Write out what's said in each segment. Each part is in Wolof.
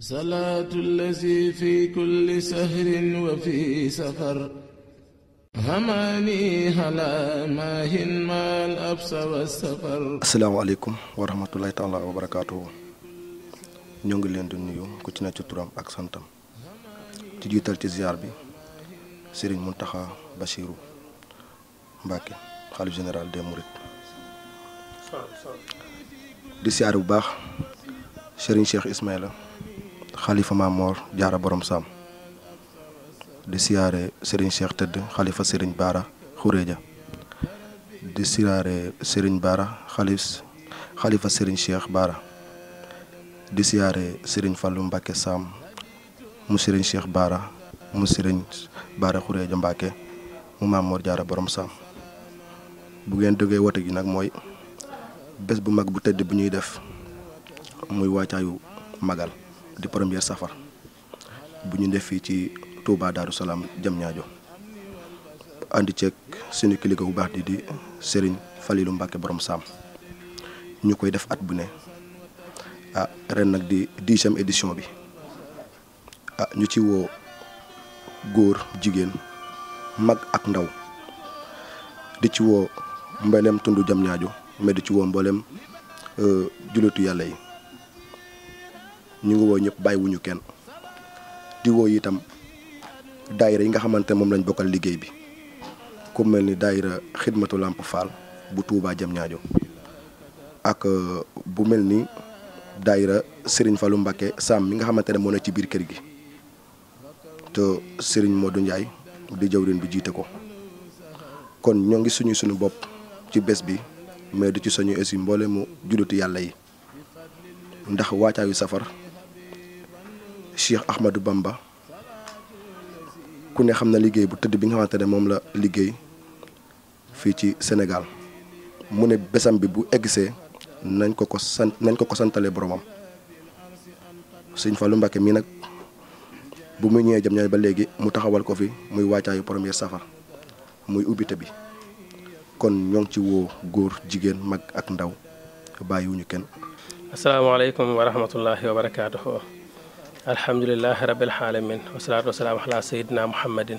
صلاة الذي في كل سهر وفي سفر هماني هلا ما ما الأبس والسفر السلام عليكم ورحمة الله تعالى وبركاته نيونغ لين دون نيو كوتينا تشترام أكسنتام تيجي تلتي زيار بي سيرين منتخا بشيرو باكي خالي جنرال دي موريت دي سيارو باخ سيرين شيخ اسماعيل xalifa Mamor jaara boroom saam di siyaare Serigne Cheikh tëdd xalifa Serigne Baara Xureja di siyaare Serigne Baara xalif xalifa Serigne Cheikh Baara di siyaare Serigne Fallou Mbacke Sam mu Serigne Cheikh Baara mu Serigne Baara Xureja Mbacke mu Mamor jaara borom saam bu ngeen déggee woote gi nag mooy bés bu mag bu tëdd bu ñuy def muy waacaayu magal di première safar bu ñu def ci Touba daru Salam jam ñaajo andi ak suñu kilifa bu baax di di Serigne Falilou Mbacke borom Sam ñukoy def at bu ne ah ren nak di 10e édition bi ah ñu ci wo goor jigen mag ak ndaw di ci wo mbalem tundu jam ñaajo me di ci woo mbalem euh, julitu yalla yi ñu ngi woo ñëpp bàyyiwuñu kenn di woo itam daayira yi nga xamante moom lañ bokkal liggéey bi ku mel ni daayira xidmatu Lamp Fall bu Touba jam ñaajo ak euh, bu mel ni daayira Serigne Fallou Mbacké Sam mi nga xamante ne moo ne ci biir kër gi te Serigne Modou Ndiaye di jawrin bi jiite ko kon ñoo ngi suñu suñu bopp ci bés bi mais du ci soñu aussi mboole mu julliti yàlla yi ndax waacaayu safar Cheikh Ahmadou Bamba ku ne xam na liggéey bu tëdd bi nga xamante ne moom la liggéey fii ci senegal mu ne besam bi bu eggsee nañ ko ko sant nañ ko ko santale boromam sëñ Fallou Mbacké mi nag bu muy ñëwee jam ñaay ba léegi mu taxawal ko fi muy wàccaayu premier safar muy ubbite bi kon ñoo ngi ci woo góor jigéen mag ak ndaw bàyyiwuñu kenn asalaamaaleykum wa rahmatullahi wa barakaatuhu alhamdulilahi rabil alamin wasalaatu wasalaam ala sayidina muhammadin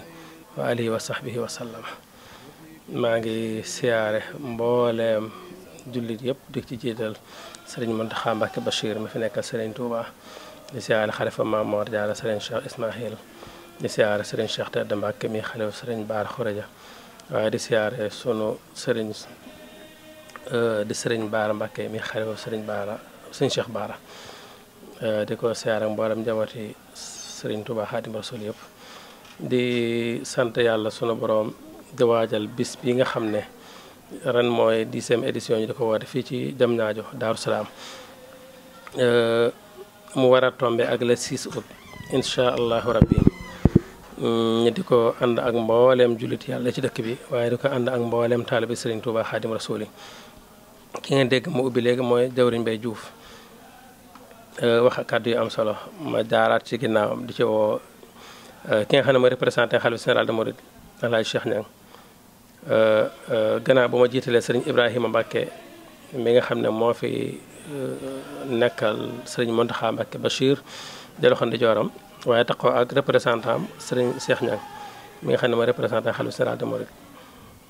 wa alihi wa sahbihi wa sallam maa ngi siyaare mbooleem jullit yëpp di ci jiital sëriñ Muntaxa Mbàkke Bachir mi fi nekkal sëriñ Touba di siyaare xalifa Maam Mor Jaara sëriñ Cheikh Ismaahil di siyaare sëriñ Cheikh Tedd Mbàkke mi xalifa sëriñ Baar Xuraja waaye di siyaare sunu sëriñ di sëriñ Baara Mbàkke mi xalifa sëriñ Baara sëriñ Cheikh Baara Eh, di ko siyaare mboolem njabooti Serigne Touba Xaadim Rasul yëpp di sant yàlla sunu borom di waajal bis bi nga xam ne ren mooy dixième édition ñu di ko woote fii ci jam naajo Daaru Salaam eh, mu war a tombe ak le 6 août allahu rabbi mm, ñu di ko ànd ak mbooleem jullit yàlla ci dëkk bi waaye di ko ànd ak mbooleem taalibi Serigne Touba Xaadim Rasul yi ki nga dégg mu ubbi léegi mooy jawriñ Mbay Juuf wax kàddu yu am solo ma jaaraat ci ginnaawam di ci woo ki nga xam ne mooy représenté xalifa général de Mouride Alaaji Cheikh Niang gannaaw bu ma jiitalee sëriñ Ibrahima Mbacke mi nga xam ne moo fi nekkal sëriñ Mountakha Mbacke Bachir di loxo di jooram waaye taxaw ak représentant am sëriñ Cheikh Niang mi nga xam ne mooy représenté xalifa général de Mouride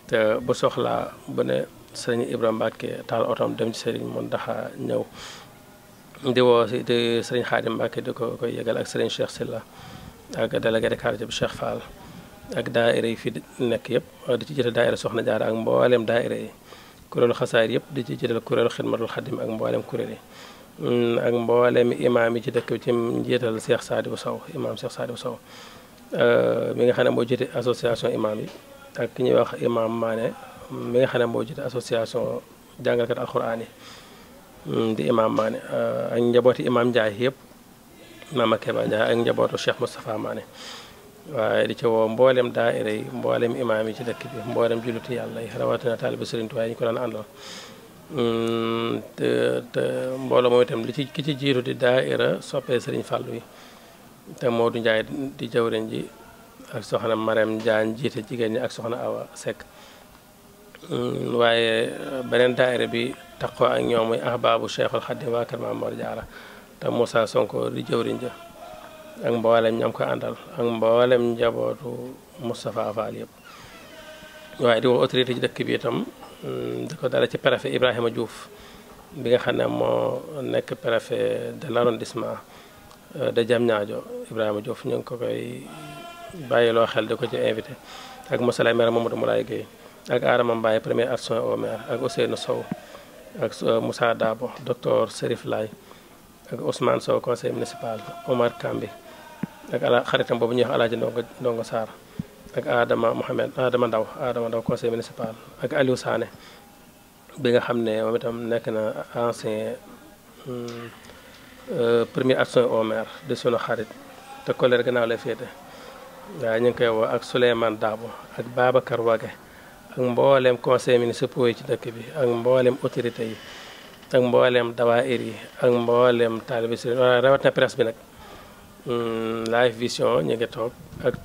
te bu soxlaa bu ne sëriñ Ibrahima Mbacke taal otoom dem ci sëriñ Mountakha ñëw. di woo di sëriñ Xaadim Mbàkke di ko koy yëgal ak sëriñ Cheikh Silla ak délégué de quartier bi Cheikh Fall ak daayira yi fi nekk yëpp di ci jëtal daayira Soxna Jaara ak mbooleem daayira yi kuréelu xasaayir yëpp di ci jëtal kuréelu xidmatul xadim ak mbooleem kuréel yi ak mbooleem imaam yi ci dëkk bi ci njiital Cheikh Sadibou Sow imaam Cheikh Sadibou Sow mi nga xam ne moo jiite association imaam yi ak ki ñuy wax imaam Maane mi nga xam ne moo jiite association jàngalkat alxuraan yi Mm, di imaam Mané euh, ak njabooti imaam Ndiaye yëpp maama Keba Ndiaye ak njabootu Cheikh Moustapha Mané waaye di ci woo mboolem daayira yi mboolem imaam yi ci dëkk bi mboolem jullitu yàlla yi rawatina taalibe mm, itam li ci ki ci jiitu di daayira soppee te Modou Ndiaye di jawriñ ji ak soxna jigéen ñi ak soxna Awa mm, waaye euh, beneen daayira bi. taqoo ak ñoom muy ahbaabu Cheikhul Xadim waa kër Maam Mor Jaara te Moussa Sonko di jëwriñ ja ak mboolem ñam ko àndal ak mboolem njabootu Moustapha Fall yëpp waaye di wax autorité ci dëkk bi tam mm, di ko dara ci préfet Ibrahima Diouf bi nga xam ne moo nekk préfet de l'arrondissement euh, de Diamniadio Ibrahima Diouf ñu ngi ko koy bàyyiloo xel de ko ci invité ak mosala maire Mamadou Moulaye Gueye ak Adama Mbaye premier adjoint au maire ak Ousseynou Sow ak euh, Moussa Dabo docteur Serif Lay ak Ousmane Sow conseil municipal Omar Kambi ak ala xaritam boobu ñuy wax Alaaji Ndongo Ndongo Sarr ak Adama Mohamed Adama Ndaw Adama Ndaw conseil municipal ak Aliou Sané bi nga xam ne moom itam nekk na ancien hmm, euh, premier adjoint au de di sunu xarit te collègue gannaaw lay féete waaye ñu ngi koy woo ak Souleymane Dabo ak Babacar Wague ak mbooleem conseil municipal yi ci dëkk bi ak mbooleem autorité yi ak mbooleem dawaayir yi ak mbooleem taalibe si rawat na presse bi nag hmm, live vision ñu ngi ak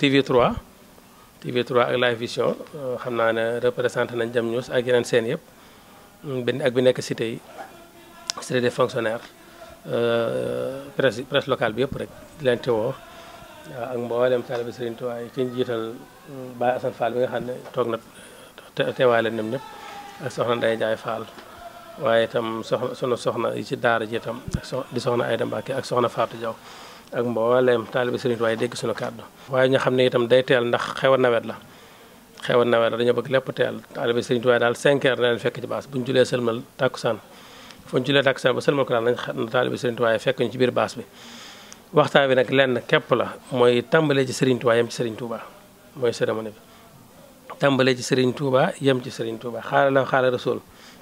TV3 euh, TV3 ak live vision euh, xam naa ne représenté nañ Jam News ak yeneen seen yëpp hmm, ak bi nekk cité yi cité des fonctionnaires euh, presse presse locale bi yëpp rek di leen teewoo waaw ak mboolem taalibe Serigne Touba yi ki ñu jiital mm, Baye Assane bi nga xam ne toog na teewaale ñoom ñëpp ak soxna Ndeye Ndiaye Fall waaye tam soxna sunu soxna yi ci daara ji itam di sox ay soxna Aïda Mbacke ak soxna Fatou Diaw ak mboolem taalibe Serigne Touba yi dégg sunu kàddu. waaye ñu xam ne itam day teel ndax xewa nawet la xewa nawet la dañoo bëgg lépp teel taalibe Serigne Touba daal 5 heures na fekk ci baas bu ñu julee sëlmal takkusaan fu ñu julee takkusaan ba sëlmal ko daal nañ taalibe Serigne Touba fekk ñu ci biir baas bi waxtaan bi nag lenn képp la mooy tàmbalee ci Serigne Touba yem ci Serigne Touba mooy cérémonie bi tàmbalee ci Serigne tuuba yem ci Serigne Touba xaaral la xaaral rasul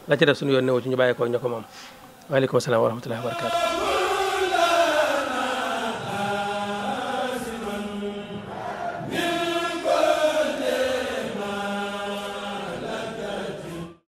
la ci def suñu yoon newu ci ñu bàyyi ko ña ko moom waaleykum salaam wa rahmatullahi